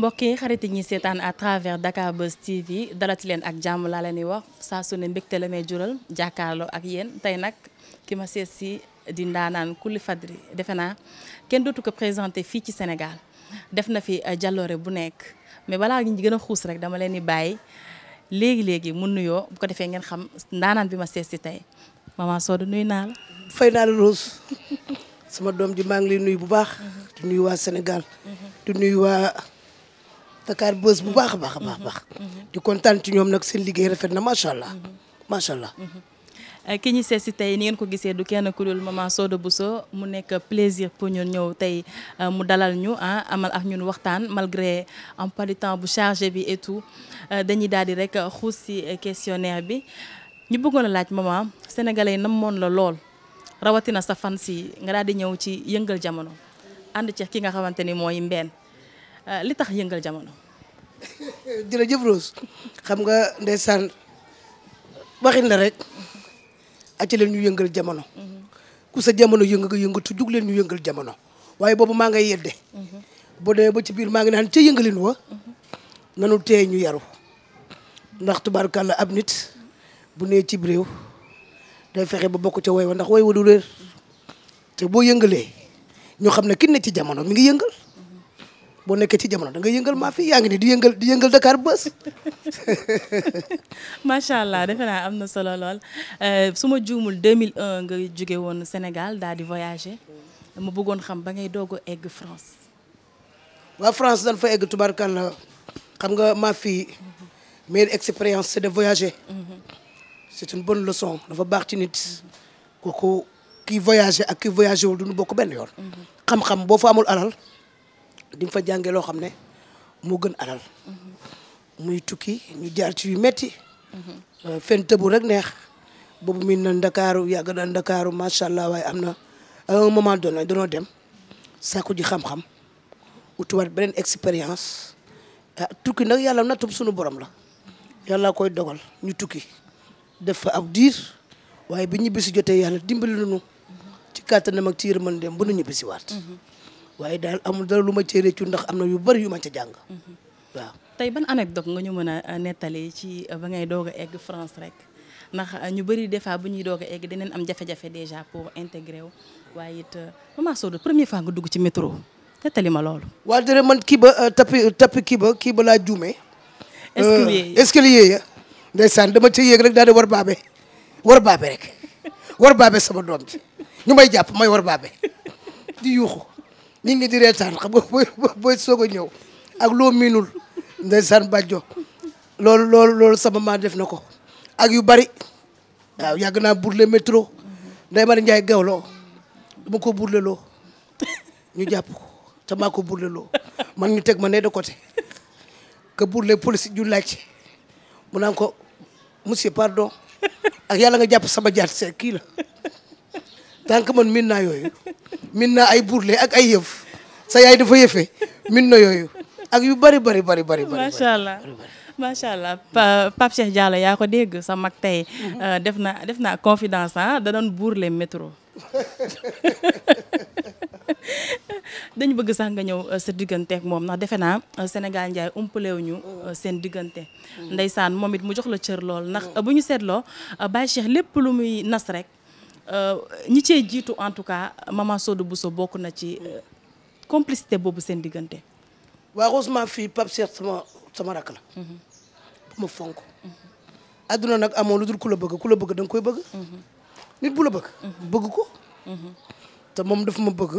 mbokk yi xarit yi ñuy seetaan à travers Dakar Buzz TV dalati leen ak jàmm laa leen di wax saa su ne mbégte la may jural jàkkaarloo ak yéen tey nag ki ma seet si di ndaanaan Coully Fadri defe naa kenn dootu ko présenté fii ci Sénégal def na fi euh, jàlloore bu nekk mais balaa ñu gën a xuus rek dama leen di bàyyi léegi léegi mu nuyoo bu ko defee ngeen xam ndaanaan bi ma seet si tey maman Soda nuyu naa la. fay naa Rose sama doom ji maa ngi lay nuyu bu baax. Mhm. di nuyu Dakar Buzz bu baax baax a mm-hmm. baax. di kontaan ci ñoom nag seen liggéey rafet na macha allah mm-hmm. macha allah. Mm-hmm. ki ñu seet si tey ni ngeen ko gisee du kenn ku dul maman Soda soo mu nekk plaisir pour ñun ñëw tey euh, mu dalal ñu ah amal ak ñun waxtaan malgré emploi du temps bu chargé bi et euh, dañuy daal di rek xuus si questionnaire bi ñu bëggoon laaj maman sénégalais yi moon la lool rawatina sa fan si nga daal di ñëw ci yëngal jamono ànd ci ki nga xamante ni mooy Mbène Euh, li tax yëngal jamono. jërëjëf Rose xam nga ndeysaan waxin la rek acca leen ñu yëngal jamono mm-hmm. ku sa jamono yëngu nga yëngatu jug leen ñu yëngal jamono waaye boobu maa ngay yedde mm-hmm. boo demee ba ci biir maa ngi naan ca yëngalin wa mm-hmm. nanu tee ñu yaru ndax tubaarkàlla ab nit bu nee cib réew day fexe ba bokk ca woy wa ndax woy wa du te boo yëngalee ñu xam ne kin ne ci jamono mi ngi yëngal boo nekkee ci jamono da nga yëngal maa fi yaa ngi ni di yëngal di yëngal Dakar bës. macha allah defe naa am na solo lool euh, su ma juumul 2001 nga juge woon Sénégal daal di voyager ma buggoon xam ba ngay doog a egg France. waa France dañ fa egg tubaarkàlla xam nga maa fi meilleure expérience c'est de voyager. Mm-hmm. c'est une bonne leçon dafa baax ci nit. kooku kiy voyager ak kiy voyager wul du nu bokk benn yoon. Mm-hmm. xam-xam boo fa amul alal. di nga fa jàngee loo xam ne moo gën alal muy tukki ñu jaar ci yu metti euh, fen tëbu rek neex boobu miin na ndakaaru yàgg na ndakaaru macha allah waaye am na à doon moment donné dem sàkku ji xam-xam utuwaat beneen expérience euh, tukki nag yàlla nattum sunu borom la yàlla koy dogal ñu tukki def fa ab diir waaye bi ñibbisi jotee yàlla dimbali nañu ci kàttanam ak ci yërmandeem bu nu ñibbisiwaat waaye daal amul dara lu ma cee réccu ndax am na yu bari yu ma ca jàng mhm. waaw tey ban anecdote nga ñu mën a nettali ci euh, ba ngay doog a egg France rek ndax euh, ñu bëri des fois bu ñuy doog a egg dinañ am jafe-jafe déjà pour intégrer wu waaye it euh, maman Soda première fois nga dugg ci métro nettali ma loolu waa dëgg man kii ba tapi tapi kii ba kii ba laa juumee escalier escalier ya ndeysaan dama ci yéeg rek daal di war baabe war baabe rek war baabe sama doom ji ñu may jàpp may war baabe di yuuxu nit ñi di reetaan xam nga booy booy soog a ñëw ak loo miinul ndeysaan bàjjo loolu loolu loolu sama maa def na ko ak yu bari waaw yàgg naa burle métro nday mari njaay gawloo dama ko burle loo ñu jàpp ko te maa ko burle loo man ñu teg ma ne de côté que burle police ju laaj mu nan ko monsieur pardon ak yàlla nga jàpp sama jaat see kii la tant que man miin naa yooyu min naa ay burle ak ay yëf sa yaay dafa yëfe min na yooyu ak yu bari bari bari bari macha allah macha allah Pape Cheikh Diallo yaa ko dégg sa mag tey mm-hmm. euh, def na def naa confidence ah da doon lee métro dañ bëgg sax nga ñëw euh, sa digganteek moom ndax defe naa euh, Sénégal Ndiaye umpalewuñu seen diggante mm-hmm. ndeysaan moom it mu jox la cër lool ndax mm-hmm. bu ñu seetloo Baye Cheikh lépp lu muy nas rek Euh, ñi cee jiitu en tout cas maman Sodou Bousso bokk na ci euh, complicité boobu seen diggante. waaw heureusement fii Pape Cheikh sama sama rakk la. bu mhm. ma fonk. adduna nag amoo lu dul ku la bëgg ku la bëgg da koy bëgg. Mhm. nit bu la bëgg. Mhm. bëgg ko. te moom daf ma bëgg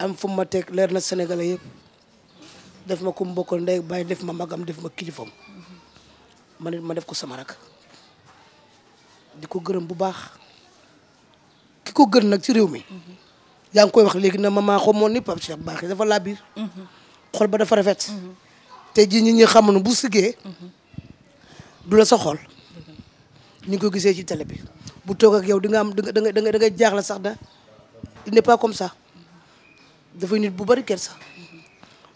am fu ma teg leer na Sénégalais yëpp def ma ku mu bokkal ndey def ma magam def ma kilifam ma ma def ko sama rakk di ko gërëm bu baax. ko gën nag ci réew mi yaa ngi koy wax léegi na ma maman xamoon ni Pape Cheikh Bakhy dafa laa biir xol ba dafa rafet te ji ñi ñi xamoon bu siggee du la sa xol ñu ngi ko gisee ci télé bi bu toog ak yow di nga am da nga da nga da nga sax da il n'est pas comme ça nit bu bari kersa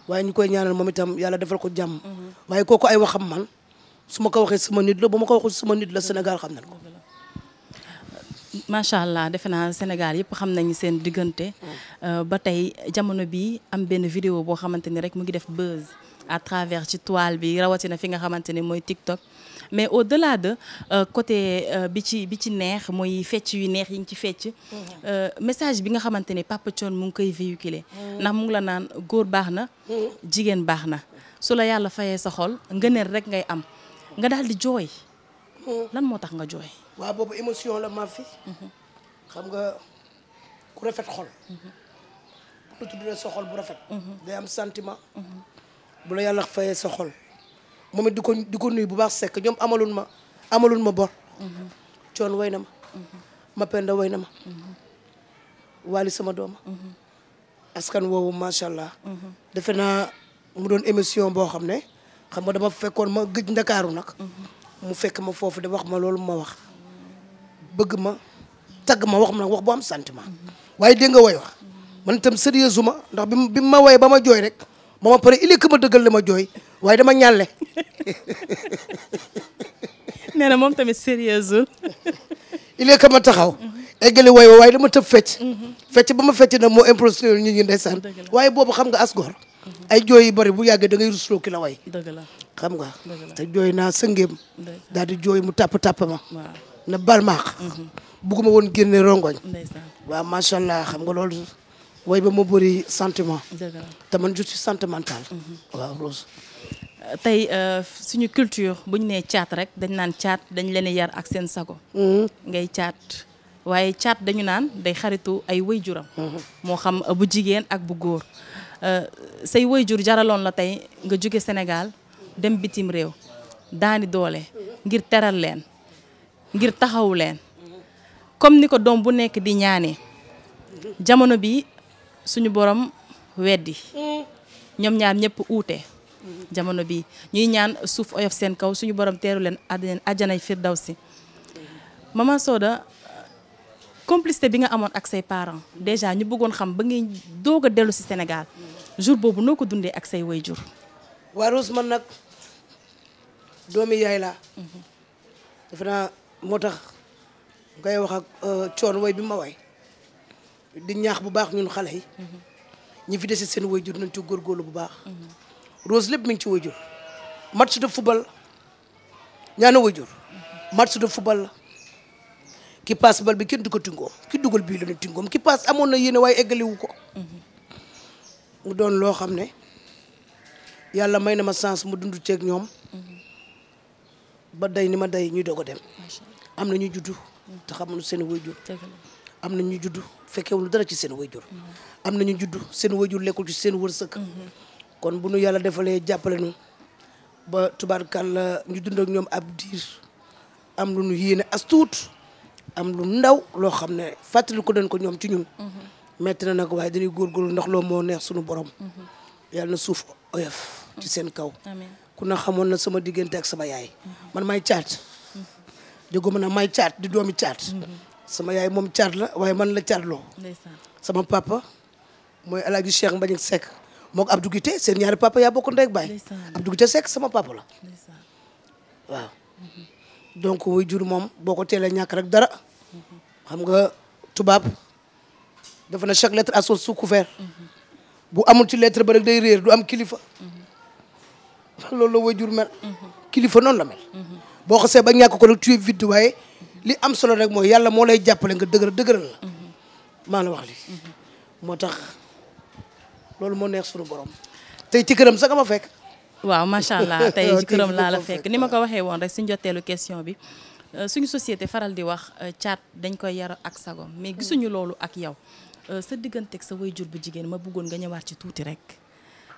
waaye ñu koy ñaanal moom itam yàlla defal ko jàmm waaye kooku ay waxam man su ma ko waxee sama nit la bu ma ko waxul sama nit la Sénégal xam nañ ko macha allah defe naa Sénégal yëpp xam nañu seen diggante. Euh, ba tey jamono bi am benn vidéo boo xamante ni rek mu ngi def buzz à travers ci toile bi rawatina fi nga xamante ni mooy TikTok. mais au delà de euh, côté euh, bi ci bi ci neex mooy fecc yu neex yi ngi ci fecc. message bi nga xamante ni Papa Thione mu ngi koy véhiculer. ndax mu ngi la naan góor baax na. jigéen baax na. su la yàlla fayee sa xol ngëneel rek ngay am. nga daal di jooy. lan moo tax nga jooy. waaw boobu émotion la ma fi xam nga ku rafet xol bu la tuddee sa xol bu rafet day am sentiment bu la yàlla fayee sa xol moom it di ko di ko bu baax sekk ñoom amalun ma amalun ma bor coon way na ma Mapenda way na ma waali sama dooma askan woowu macha allah defe naa mu doon émission boo xam ne xam ma dama fekkoon ma gëj ndakaaru nag mu fekk ma foofu de wax ma loolu ma wax bëgg ma tagg ma wax ma nag wax bu am sentiment waaye dégg nga way wax man tam sérieuse ma ndax bi bi ma way ba ma jooy rek ba ma pare il est ma dëggal li ma jooy waaye dama ñàlle nee na moom tamit sérieuse il est que ma taxaw eggali way waaye dama tëb fecc mhm. fecc ba ma fecc nag moo improvisé ñu ñi ndeysaan waaye boobu xam nga as góor ay yu bari bu yàggee danga ngay rusloo ki la way dëgg la xam nga te jooy naa sëngeem daal di jooy mu tàpp tàpp ma na bal maax mhm. bugguma woon génne rongoñ waaw macha allah xam nga loolu way ba ma bëri sentiment te man je suis sentimental mhm. waaw Rose tey euh, suñu culture buñ nee caat rek dañ naan caat dañ leen yar ak seen sago mhm. ngay caat waaye caat dañu naan day xaritu ay way juram moo xam euh, bu jigéen ak bu góor euh, say waajur jaraloon la tey nga jóge Sénégal dem bitim réew daani doole ngir teral leen ngir taxawu leen comme ni ko doom bu nekk di ñaanee jamono bi suñu borom weddi ñoom ñaar ñëpp uute. jamono bi ñuy ñaan suuf oyof seen kaw suñu borom teeru leen àjjanay firdawsi maman Soda complicité bi nga amoon ak say parent déjà ñu buggoon xam ba ngay doog dellu si Sénégal jour boobu noo ko dundee ak say way jur waa man nag doomi yaay laa moo tax ngay wax ak euh, coon way bi ma way di ñaax bu baax ñun xale yi ñi fi dese seen way jur nañ góor góorgóorlu bu baax Rose lépp mi ci way jur match de football ñaana way jur match de football la ki passe bal bi kenn du ko tingoom ki dugal bii la ne tingoom ki passe amoon na yéene waaye eggaliwu ko mu doon loo xam ne yàlla may na ma chance mu dund ceeg ñoom ba day ni ma day ñuy doog a dem. am na ñu juddu. te xamuñu seen waajur. am na ñu juddu fekkewul dara ci seen waajur. Mm-hmm. am na ñu juddu seen waajur lekkul ci seen wërsëg. Mm-hmm. kon bu nu yàlla defalee jàppale nu ba tubaarkàlla ñu dund ak ñoom ab diir am lu nu yéene as tuut am lu ndaw loo xam ne fàttali ko den ko ñoom ci ñun. Mm-hmm. metti na nag waaye dañuy góorgóorlu ndox loo moo neex sunu borom. yàlla na suuf oyof ci seen kaw. ku na xamoon na sama diggante ak sama yaay man may caat déggoo ma na maay caat di doomi caat sama yaay moom caat la waaye man la caatloo sama papa mooy alaaji Cheikh Mbagne Seck moo ko Abdou Guité seen ñaari papa yaa bokk ndey ak baay Abdou sama papa la waaw donc wuy jur moom boo ko teelee ñàkk rek dara xam nga tubaab dafa na chaque lettre à couvert bu amul ci lettre day réer du am kilifa ndax loolu la wajur mel. kilifa noonu la mel. boo xasee ba ñàkk ko rek tu es vide waaye li am solo rek mooy yàlla moo lay jàppale nga dëgëral dëgëral la. maa la wax li moo tax loolu moo neex suñu borom tey ci këram sax ma fekk. waaw macha allah tey ci këram laa la fekk ni ma ko waxee woon rek si njotteelu question bi euh, suñu société faral di wax euh, caat dañ koy yar ak sagom mais gisuñu loolu ak yow euh, sa digganteeg sa jur bu jigéen ma bëggoon nga ñëwaat ci tuuti rek.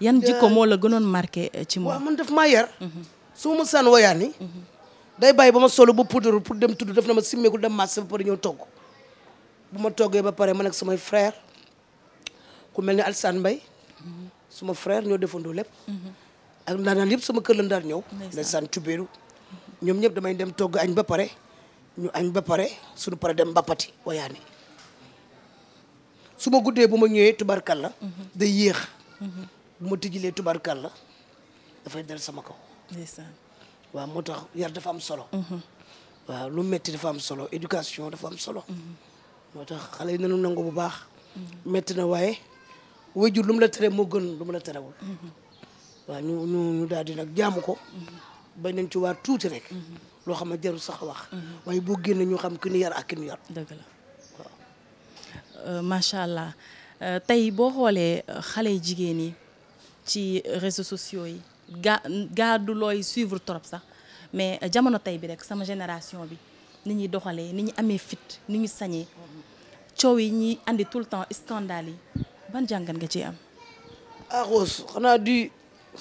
yan jikko moo la gënoon marqué euh, ci moom. waaw man daf maa yar. Mhm. su ma saan woyaani. Mhm. day bàyyi ba ma solo ba poudre pour dem tudd daf na ma simmeeku dem marché ba pare ñëw togg. bu ma toggee ba pare ma ak samay frère ku mel ni Alsane Mbaye mhm. suma frère ñoo defandoo lépp. ak ndaanaan yëpp sama kër lañ daan ñëw. ndeysaan tubéeru ñoom ñëpp damay dem togg añ ba pare ñu añ ba pare suñu pare dem mbappati woyaani su ma guddee bu ma ñëwee tubarkalla day yéex. bu ma tijjilee tubarkal la dafay dal sama ko ndeysaan waaw moo tax yar dafa am solo. Mhm. waaw lu metti dafa am solo éducation dafa am solo. Mhm. moo tax xale yi nañu nangu bu baax. Mhm. metti na waaye waajur lu mu la tere moo gën lu mu la terewul. waaw ñu ñu ñu daal di nag jaamu ko. bañ nañ ci waar tuuti rek. loo xam ne jarul sax wax. waaye boo génnee ñu xam ki ñu yar ak ki ñu yar. dëgg la waaw. Euh, macha allah euh, tey boo xoolee euh, xale jigéen yi ci réseaux sociaux yi ga gaadu looy suivre trop sax mais jamono tey bi rek sama génération bi ni ñuy doxalee ni ñu amee fit ni ñu sañee coow yi ñuy andi tout le temps scandale yi ban jàngat nga ciy am. ah xanaa di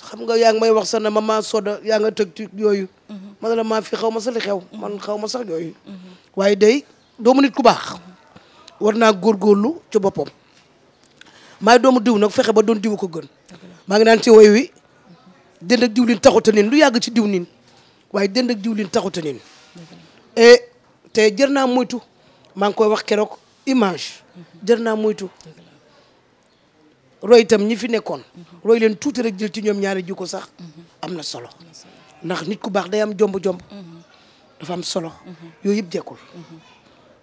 xam nga yaa ngi may wax sax ne maman Soda yaa nga tëg ci yooyu. Mhm. man la maa fi ma xew. Mhm. xaw ma sax yooyu. Mhm. waaye day doomu nit ku baax. war naa góorlu ci boppam. maay doomu diw nag fexe ba doon diw ko gën. maa ngi naan ci woy wi dënd ak diwlin taxuta nin lu yàgg ci diwlin waaye dënd ak diwlin taxuta nin et te jër naa moytu maa ngi koy wax kerook image jër naa moytu roy itam ñi fi nekkoon roy leen tuuti rek jël ci ñoom ñaari jikko sax am na solo ndax nit ku baax day am jomb-jomb dafa am solo yooyu yëpp jekkul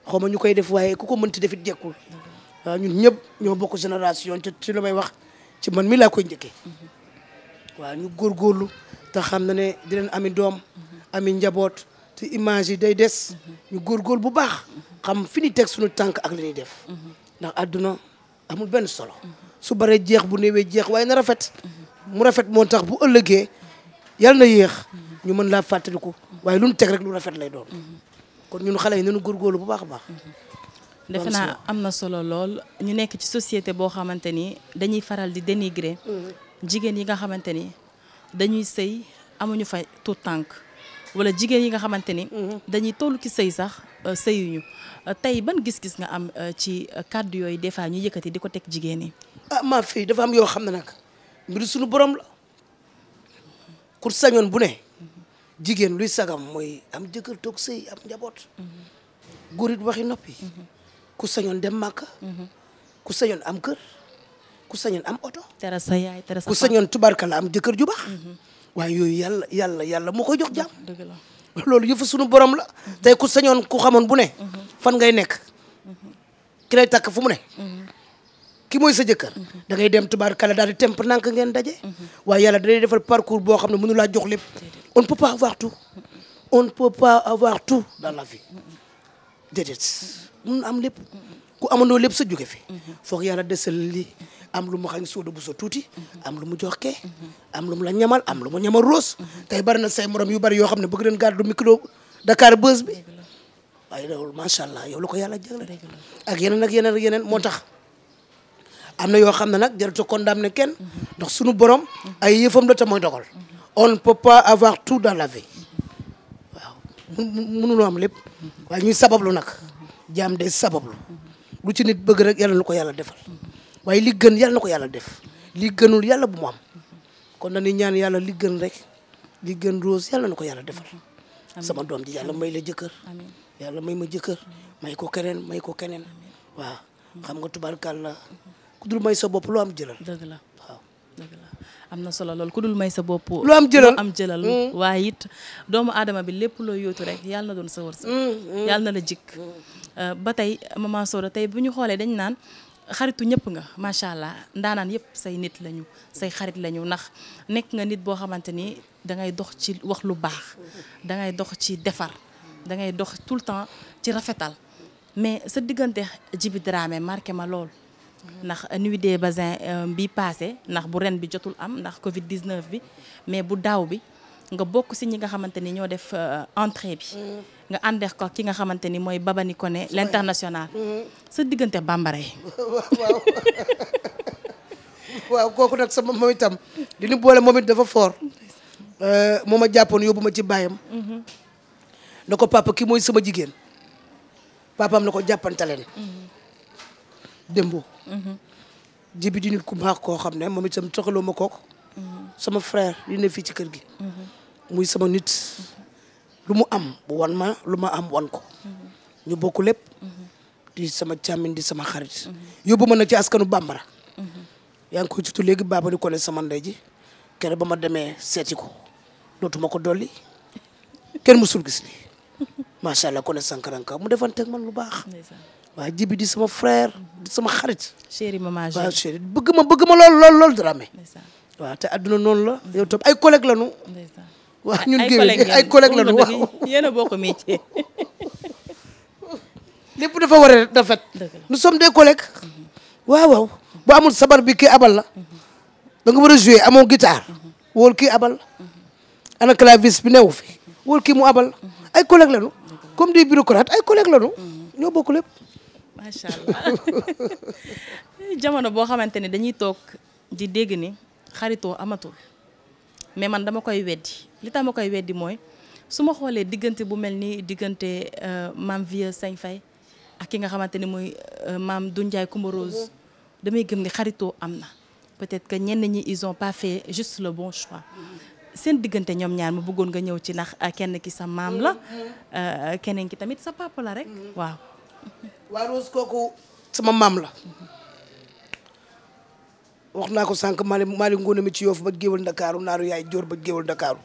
xaw ma ñu koy def waaye ku ko mën ti defit jekkul waaw ñun ñëpp ñoo bokk génération ci ci lu may wax ci man mi laa ko njëkkee waaw ñu góorgóorlu te xam na ne dinañ ami doom ami njaboot te image yi day des ñu góorgóorlu bu baax xam fi ñu teg sunu tànk ak li ñuy def ndax àdduna amul benn solo su baree jeex bu newee jeex waaye na rafet mu rafet moo tax bu ëllëgee yàlla na yéex ñu mën laa ko waaye lu ñu teg rek lu rafet lay doom kon ñun xale yi nu góorgóorlu bu baax a baax defe naa am na solo lool ñu nekk ci société boo xamante ni dañuy faral di dénigrer mm-hmm. jigéen yi nga xamante ni dañuy sëy amuñu fa tout tànk wala jigéen yi nga xamante ni mm-hmm. dañuy toll ci sëy sax euh, sëyuñu euh, tey ban gis-gis nga am euh, ci kàddu yooyu des fois ñu yëkkati di ko teg jigéen yi ah maa fii dafa am yoo xam ne nag mbiru suñu borom la kur sañoon bu ne mm-hmm. jigéen luy sagam mooy am jëkkër toog sëy am njaboot góor waxi noppi ku sañoon dem màkk ku sañoon am kër ku sañoon am oto tere sa yaay tere sa ku sañoon tubarkala am jëkkër ju baax mhm. waaye yooyu yàlla yàlla yàlla moo koy jox jàmm loolu yëfu sunu borom la tey ku sañoon ku xamoon bu ne mhm. fan ngay nekk ki lay takk fu mu ne mhm. ki mooy sa jëkkër dangay ngay dem tubaarkala daal di temp nank ngeen daje waaye yàlla da lay defal boo xam ne mu laa jox lépp on peut pas avoir tout on peut pas avoir tout mun am lépp ku amandoo lépp sa jóge fi foog yàlla desal li am lu mu xañ sooda bu sa tuuti am lu mu jox kee am lu mu la ñamal am lu mu ñamal roos tey bari na say morom yu bari yoo xam ne bëgg leen gàddu micro Dakar Buzz bi waaye loolu macha allah yow la ko yàlla ak yeneen ak yeneen yeneen moo tax na yoo xam ne nag jarut a condamné kenn ndax sunu borom ay yëfam la te mooy dogal on ne peut tout dans la vie waaw mënuloo am lépp waaye ñuy sabablu nag jaam de sabablu lu ci nit bëgg rek yàlla na ko yàlla defal waaye li gën yàlla na ko yàlla def li gënul yàlla bu mu am kon dañuy ñaan yàlla li gën rek li gën Rose yàlla na ko yàlla defal sama doom ji yàlla may la jëkkër yàlla may ma jëkkër may ko keneen may ko keneen waaw xam nga tubaarkàlla ku dul may sa bopp loo am jëlal dëgg la am na solo lool ku dul may sa bopp. lu am jëlal am jëlal. Mm. waaye it doomu aadama bi lépp loo yootu rek yàlla na doon sa wërsëg. Mm, mm. yàlla na la jik euh, ba tey maman Soda tey bu ñu xoolee dañ naan xaritu ñëpp nga macha allah ndaanaan yëpp say nit lañu say xarit lañu ndax nekk nga nit boo xamante ni da ngay dox ci wax lu baax da ngay dox ci defar da ngay dox tout le temps ci rafetal mais sa diggante Djiby Dramé marqué ma lool. ndax nuit des basin euh, bi passé ndax bu ren bi jotul am ndax Covid 19 bi mais bu daaw bi nga bokk si ñi nga xamante ni ñoo def euh, entrée bi. Mm-hmm. nga àndeex ko ki nga xamante ni mooy Babani Koné l'international. Mm-hmm. sa diggante bambara yi. waaw kooku nag sama moom itam li boole moom it dafa fort. Euh, moo ma jàppoon yóbbu ma ci baayam. Mm-hmm. na papa ki mooy sama jigéen. papaam na ko jàppantaleen démb. Mm-hmm. jibi di nit ku baax koo xam ne moom itam ma kook mm-hmm. sama frère li ne fii ci kër gi. Mm-hmm. muy sama nit. lu mu am bu wan ma lu ma am wan ko. ñu bokk lépp. di sama càmmiñ di sama xarit. yóbbu ma nag ci askanu bambara. yaa ngi koy tutu léegi baaba di ko ne sama ndey ji kere ba ma demee ko dootuma ko dolli kenn musul gis lii allah ko ne sankaranka mu defanteeg man lu baax. waa jibi di sama frère di sama xarit. chéri maman bëgg ma bëgg ma lool lool lool Dramé. waaw te adduna noonu la yow tam ay collègue la ñu. waaw ñun ay collègue la ñu waaw yéen a bokk métier. lépp dafa war a rafet. nous sommes des collègues. amul sabar bi kii abal la. da nga war a jouer amoo guitare. wóol kii abal. ana clavis bi newu fi. wóol kii mu abal. ay collègues la ñu. comme des bureaucrates ay collègues la ñoo bokk lépp. macha allah jamono boo xamante ne dañuy toog ji dégg ni xaritoo amatul mais man dama koy weddi li tax ma koy weddi mooy su ma xoolee diggante bu mel ni diggante euh, maam Vieux Sagne Faye ak ki nga xamante ni mooy euh, maam Dundiaye Coumba Rose damay gëm ni xaritoo am na peut-être que ñenn ñi ils ont pas fait juste le bon choix seen diggante ñoom ñaar ma bëggoon nga ñëw ci ndax euh, kenn ki sa maam la keneen ki tamit sa papa rek mm-hmm. waaw waa Rose kooku sama maam la wax naa ko sànq maali maali ngoone mi ci yoof ba géwal ndakaaru naaru yaay joor ba géwal ndakaaru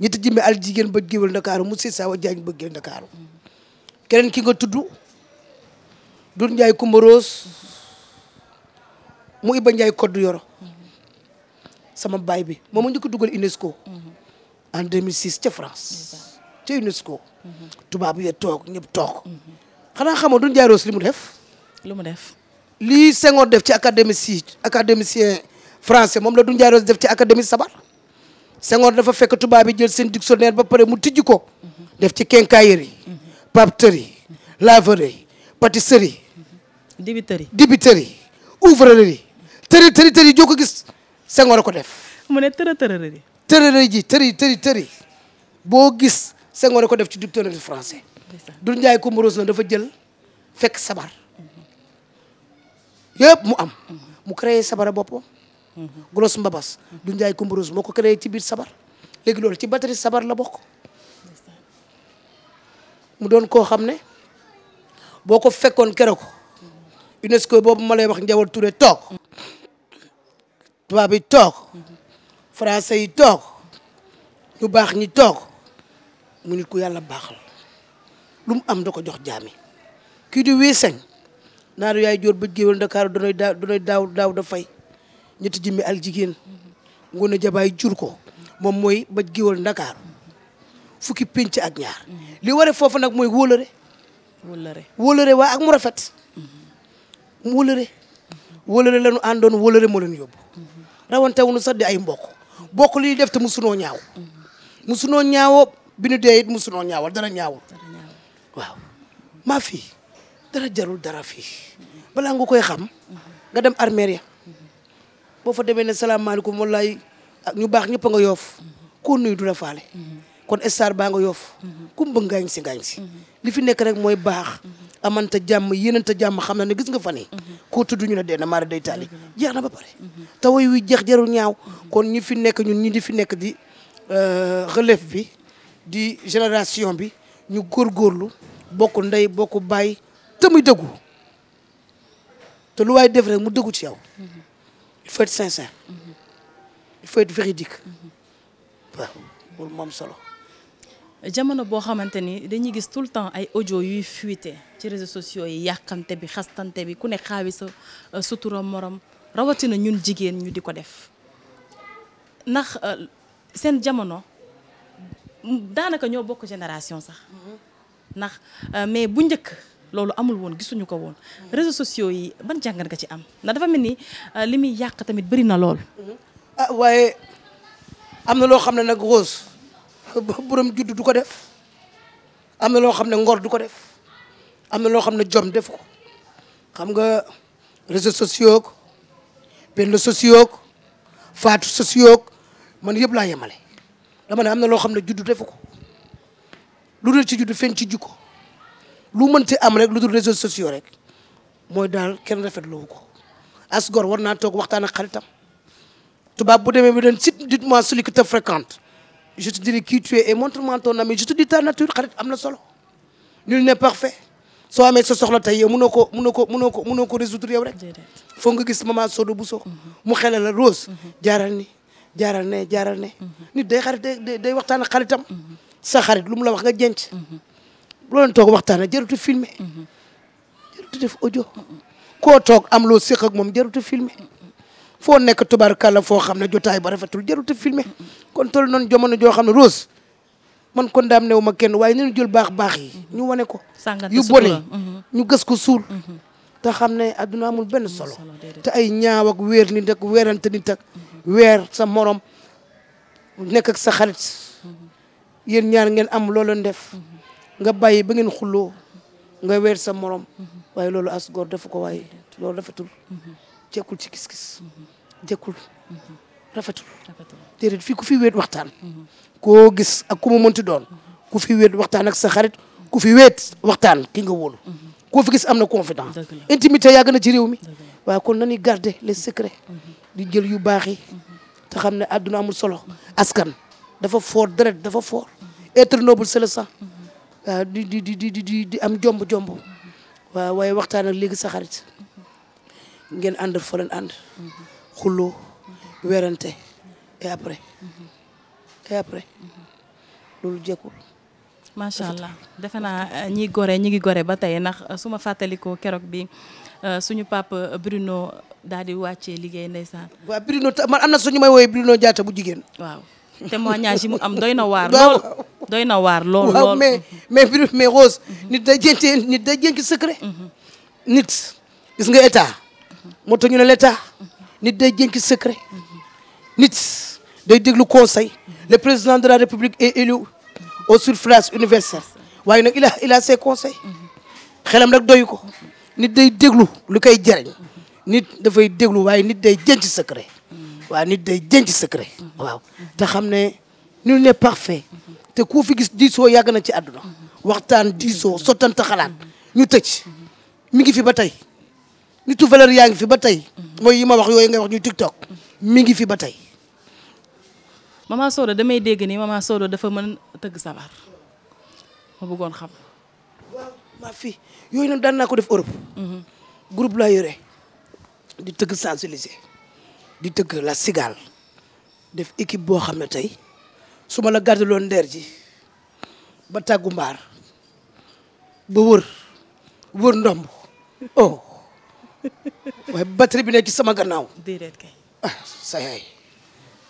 ñetti jimbe al ba géwal ndakaaru mu Sawa Jaañ ba géwal ndakaaru keneen ki nga tudd Doudou Ndiaye Coumba Rose mu Iba Ndiaye Codou Yoro sama baay bi moom mu njëkk dugal UNESCO en 2006 ca France ca UNESCO mhm. tubaab yi toog ñëpp toog mhm. xanaa xamoon duñ jaay Rose li mu def. lu mu def. lii Senghor def ci académicien académicien français moom la du jaay Rose def ci académie sabar Senghor dafa fekk tubaab yi jël seen dictionnaire ba pare mu tijji ko. Mhm. def ci quincaillerie. Mhm. papeterie. Mhm. laverie. pâtisserie. dibiterie dibiterie. ouvrerie. tëri tëri tëri joo ko gis Senghor ko def. mu ne tërë tërërëri. tërërëri ji teri tëri tëri boo gis Senghor ko def ci dictionnaire francais dun jaay Kumba na dafa jël fekk sabar yëpp mu am mu créé sabara boppam Grosse Mbabas dun jaay Kumba Rose moo ko créé ci biir sabar léegi loolu ci batterie sabar la bokk mu doon koo xam ne boo ko fekkoon kere ko UNESCO boobu ma lay wax Njawar Touré toog tubaab yi toog français yi toog ñu baax ñi toog mu nit ku yàlla baaxal lu mu am da ko jox jaami kii di Weeseng naanu yaay joor bëj géwél Ndakaaru danay daaw danay daaw daaw da ñetti jimmi al jigéen ngoone jabaay jur ko moom mooy bëj géwél Ndakaaru fukki pénc ak ñaar li ware foofu nag mooy wóolëre wóolëre waa ak mu rafet wóolëre wóolëre lañu àndoon wóolëre moo leen yóbbu rawantewuñu sax di ay mbokk bokk li def te musunoo ñaaw musunoo ñaawoo bi nu dee it musunoo ñaawal dara ñaawul waaw maa fii dara jarul dara fi balaa nga koy xam nga dem armeer ya boo fa demee ne salaamaaleykum wallaay ñu baax ñëpp a nga yoof koo nuyu du la faale kon star baa nga yoof kum bëgg ngaañ si ngaañ si li fi nekk rek mooy baax amanta jàmm yéenanta jàmm xam na ne gis nga fa ne koo tudd ñu ne dee na maara day taali jeex na ba pare ta way wi jeex jarul ñaaw kon ñi fi nekk ñun ñi di fi nekk di euh, relève bi di génération bi ñu góor góorlu bokk ndey bokk bàyyi te muy dëggu te lu waay def rek mu dëggu ci yow il faut être sincère il faut être véridique waaw loolu moom solo jamono boo xamante ni dañuy gis tout le temps ay audio yuy fuité ci réseaux sociaux yi yàkkante bi xastante bi ku ne xaawi sa euh, sutura morom rawatina ñun jigéen ñu di ko def ndax euh, seen jamono daanaka ñoo bokk génération sax ndax euh, mais bu njëkk loolu amul woon gisuñu ko woon réseaux sociaux yi ban jàngat nga ci am na dafa mel ni euh, li muy yàq tamit bëri na lool ah, waaye am na loo xam ne nag Rose borom juddu du ko def am na loo xam ne ngor du ko def am na loo xam ne jom def ko xam nga réseaux sociaux benn sociaux faatu sociaux man yëpp laa yemale dama ne am na loo xam ne juddu defu ko lu du ci juddu feeñ ci jikko lu mënti am rek lu dul réseaux sociaux rek mooy daal kenn rafetlu wu ko as gor war naa toog waxtaan ak xaritam tubaab bu demee bi leen sit dites-moi celui que tu fréquentes je te dirai qui tu es et montre-moi ton ami je nature xarit am na solo nul ne parfait soo amee sa soxla tey yow mënoo ko mënoo ko mënoo ko mënoo ko résoudre rek foo nga gis maman Sodo Bousso mm-hmm. mu xelal la Rose mm-hmm. jaaral ni jaral ne jaaral ne. Mhm. nit day xarit day waxtaan xaritam. Mhm. sa xarit lu mu la wax nga jenc mhm. loo leen toog waxtaanee jarutu filmer jarutu def audio. koo toog am loo séq ak moom jarutu filme foo nekk tubaarkàlla foo xam ne jotaay ba rafetul jarutu filme kon tol noon jamono joo xam ne Rose man kon daam newu ma kenn waaye nañu jël baax baax yi. ñu wane ko. yu bone ñu gës ko suul. te xam ne adduna amul benn solo. te ay ñaaw ak weer nit ak weerante nit ak. weer sa morom nekk ak sa xarit yéen ñaar ngeen am loolu def nga bàyyi ba ngeen xulloo nga weer sa morom waaye loolu as góor ko waaye loolu rafetul jekkul ci gis-gis jekkul rafetul déedéet fii ku fi wéet waxtaan koo gis ak ku mu mënti doon ku fi wéet waxtaan ak sa xarit ku fi wéet waxtaan ki nga wóolu mhm. koo fi gis am na confidence intimité yàgg na ci réew mi waaw kon nañu garder les secrets di jël yu baax yi te xam ne àdduna amul solo askan dafa fort deret dafa fort être noble c'est le sang di di di am jomb jomb waaw waaye waxtaan ak léegi sa ngeen ànd fa leen ànd xulloo werante et après et après loolu jekkul macha allah defe naa ñi gore ñi ngi gore ba tey ndax su ma fàttalikoo keroog bii Euh, suñu papa euh, Bruno daal di wàccee liggéey ndeysaan. waaw Bruno man am na suñu may woowee Bruno Diatta bu jigéen. waaw témoignage yi mu am doy na waar. lool doy na waar lool lool. waaw mais mais mais Rose. nit day jënte nit day jënti secret. Mhm. nit gis nga état. moo tax ñu ne l' état. nit day jënti secret. nit day déglu conseil. le président de la république est élu au suffrage universel. waaye nag il a il a ses conseils. Mhm. xelam rek doyu ko. nit day déglu lu koy jëriñ nit dafay déglu waaye nit day jënc secret waaw nit day jënc secret waaw te xam ne nul n'est parfait te ku fi gis diisoo yàgg na ci àdduna waxtaan diisoo sottante xalaat ñu tëj mi ngi fi ba tey nitu valeur yaa ngi fi ba tey mooy yi ma wax yooyu ngay wax ñu tiktok mi ngi fi ba tey Mama Soda damay dégg ni Mama Soda dafa mën tëgg sabar ma bëggoon xam ma fii yooyu na daan naa ko def Europe. Mhm. groupe laa yore di tëgg sensibiliser di tëgg la cigale def équipe boo xam ne tey su ma la gàddaloon ndeer ji ba taggu mbaar ba wër wër ndomb oh waaye batterie bi nekk ci sama gannaaw. déedéet kay ah sa yaay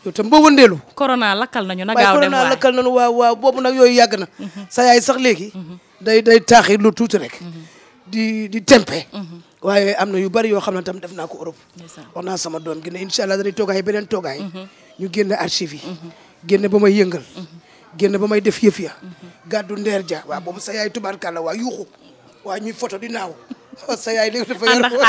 yow tam boo wëndeelu. corona lakkal nañu na gaaw boobu nag yooyu yàgg mhm. sa yaay sax léegi. Mhm. day day taaxi lu tuuti rek. Mhm. di di tempe. Mhm. waaye am na yu bari yoo xam ne tam def naa ko Europe. wax naa sama doom gi ne incha allah dañuy toogaay beneen toogaay. Mhm. ñu génn archive yi. génn ba may yëngal. génn ba may def yëf ya. gàddu ndeer ja waaw boobu sa yaay tubaarkàlla waa yuuxu waa ñuy photo di naaw sa yaay léegi dafa yor ànd ak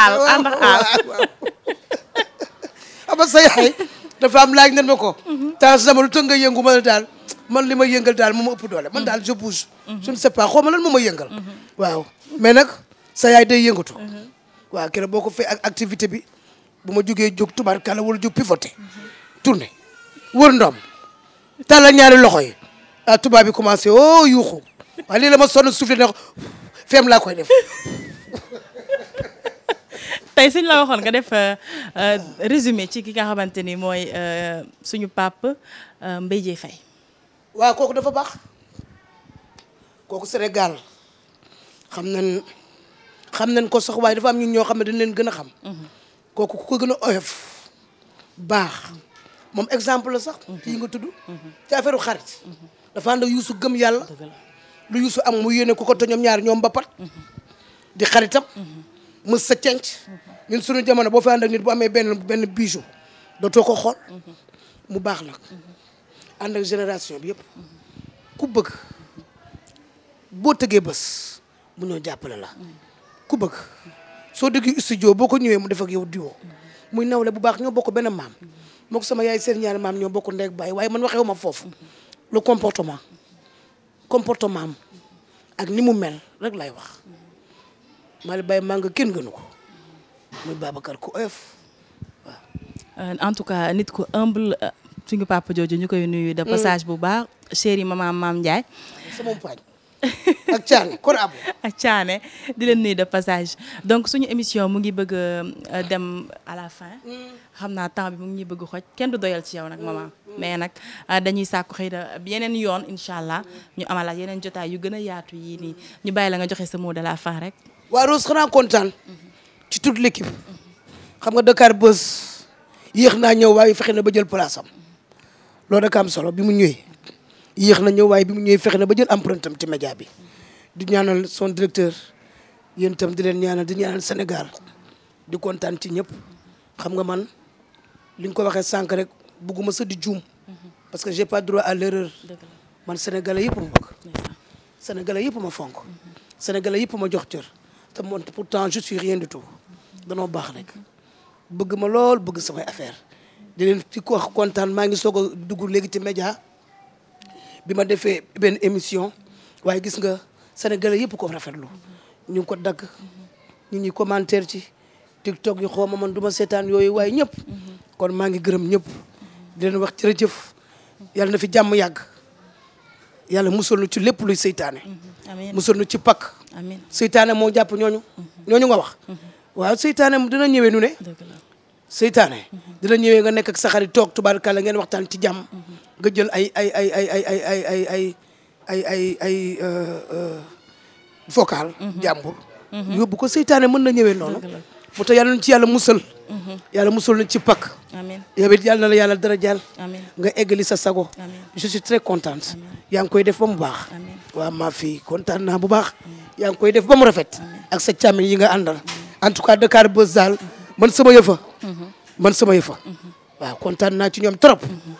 waaw sa yaay dafa am laaj nan ma ko. temps sama lu tënk nga ma daal. man li ma yëngal daal moom ma ëpp doole man daal je bouge je ne sais pas xaw ma lan moo ma yëngal waaw mais nag sa yaay day yëngatu waaw keroog boo ko fee ak activité bi bu ma jógee jóg tubaarkàlla wala jóg pivoté tourné wër ndoom tàllal ñaari loxo yi ah tubaab bi commencé oh yuuxu waaye la ma sonn suuf ne feem laa koy def tey suñ la waxoon nga def euh, euh, résumé ci ki nga xamante ni mooy euh, suñu pape Mbaye Dieye Faye waaw kooku dafa baax kooku Sénégal xam nañ xam nañ ko sax waaye dafa am ñun ñoo xam ne dañ leen gën a xam. Mhm. kooku ko gën a oyof baax moom exemple la sax. Mhm. kii nga tudd. Mhm. ci affaire xarit. dafa ànd yuusu gëm yàlla. lu yuusu am mu yéene ku ko te ñoom ñaar ñoom ba pat. di xaritam. mës sa cenc. ñun suñu jamono boo fi ànd ak nit bu amee benn benn bijou dootoo ko xool mu baax la. ànd ak génération bi yëpp ku bëgg boo tëgee bés mu ñëw jàppale la ku bëgg soo déggee studio boo ko ñëwee mu def ak yow diwo muy nawle bu baax ñoo bokk benn maam moo ko yaay seen ñaari maam ñoo bokk ndeeg baay waaye man waxewu ma foofu le comportement comportement ak ni mu mel rek lay wax maa li bàyyi maa nga kenn gënu ko muy Babacar ku oyof waaw euh, en tout cas nit ku humble euh, suñu papa jooju ñu koy nuyu. de passage bu baax chéri maman maam Ndiaye. ak caane kon ak caane di leen nuyu de passage donc suñu émission mu ngi bëgg euh, dem à la fin xam naa temps bi mu ngi ñuy bëgg xoj kenn du doyal ci yow nag maman mais nag euh, dañuy sàkku xëy na yeneen yoon incha allah ñu amalaat yeneen jotaay yu gën a yaatu yii nii ñu bàyyi la nga joxe sa moo de la fin rek waa Rose xanaa kontaan ci toute l'équipe xam nga Dakar Buzz yéex naa ñëw waaye fexe na ba jël place loolu rek am solo bi mu ñëwee yéex na ñëw waaye bi mu ñëwee fexe na ba jël empreinte am ci média bi di ñaanal son directeur yéen di leen ñaanal di ñaanal Sénégal di kontaan ci ñëpp xam nga man li ñu ko waxee sànq rek bugguma sa di juum parce que j'ai pas droit à l'erreur man sénégalais yëpp ma bëgg sénégalais yëpp ma fonk sénégalais yëpp ma jox cër te moom pourtant je suis rien du tout danoo baax rek bëgg ma lool bëgg samay affaire di leen ci ko kontaan maa ngi soog a dugg léegi ci média bi ma defee benn émission waaye gis nga sénégalais yëpp ko rafetlu ñu ngi ko dagg ñu ñuy commentaire ci tiktok yi xaw ma man du seetaan yooyu waaye ñëpp kon maa ngi gërëm ñëpp di leen wax jërëjëf yàlla na fi jàmm yàgg yàlla musal nu ci lépp luy seytaane musal nu ci pak seytaane moo jàpp ñooñu mhm. ñooñu nga wax mhm. waaw seytaane dina ñëwee nu seytaane dina ñëwee nga nekk ak sa xarit kala tubaarkàlla ngeen waxtaan ci jàmm nga jël ay ay ay ay ay ay ay ay ay ay ay ay vocal jàmbur yóbbu ko seytaane mën na ñëwee noonu mu tax yàlla na ci yàlla musal yàlla musal na ci pak amiin yow it yàlla na la yàlla dara jàll nga eggali sa sago je suis très yaa ngi koy def ba mu baax waa maa fi kontaan naa bu baax yaa ngi koy def ba mu rafet ak sa càmmiñ yi nga àndal en tout cas Dakar Buzz daal man sama yëfa mhm. man sama yëfa mhm. waaw kontaan naa ci ñoom trop mhm.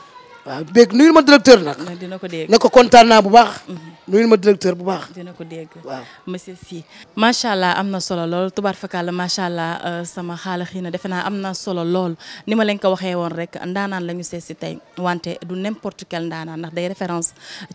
waaw béeg nuyul ma directeur nag. dina ko dégg ne ko kontaan naa bu baax. Mhm. nuyul ma directeur bu baax. dina ko dégg waaw monsieur Sy. macha allah am na solo lool tubaar fakal macha allah euh, sama xaala xii na defe naa am na solo lool ni ma leen ko waxee woon rek ndaanaan la ñu seet si tey wante du n'importe quel ndaanaan ndax day référence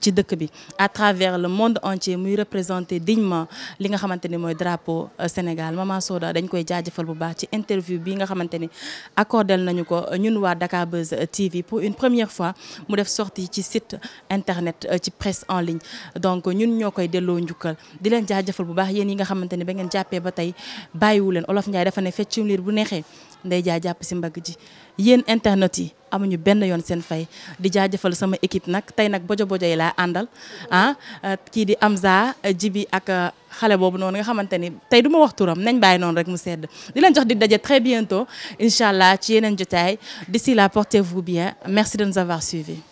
ci dëkk bi à travers le monde entier muy représenté dignement li nga xamante ni mooy drapeau euh, Sénégal maman Soda dañ koy jaajëfal bu baax ci interview bi nga xamante ni accordel nañu ko euh, ñun waa Dakar Buzz TV pour une première fois. mu def sorti ci site internet euh, ci presse en ligne donc ñun ñoo koy delloo njukkal di leen jaajëfal bu baax yéen yi nga xamante ne ba ngeen jàppee ba tey bàyyiwu leen Olof Ndiaye dafa ne feccum liir bu neexee nday jaa jàpp si mbagg ji yéen internet yi amuñu benn yoon seen fay di jaa jëfal sama équipe nag tey nag bojo bojo yi laa àndal ah kii di Amza Jibi ak eh, xale boobu noonu nga xamante ni tey du ma wax turam nañ bàyyi noonu rek mu sedd di leen jox di daje très bientôt incha allah ci yeneen jotaay d'ici là portez-vous bien merci de nous avoir suivis.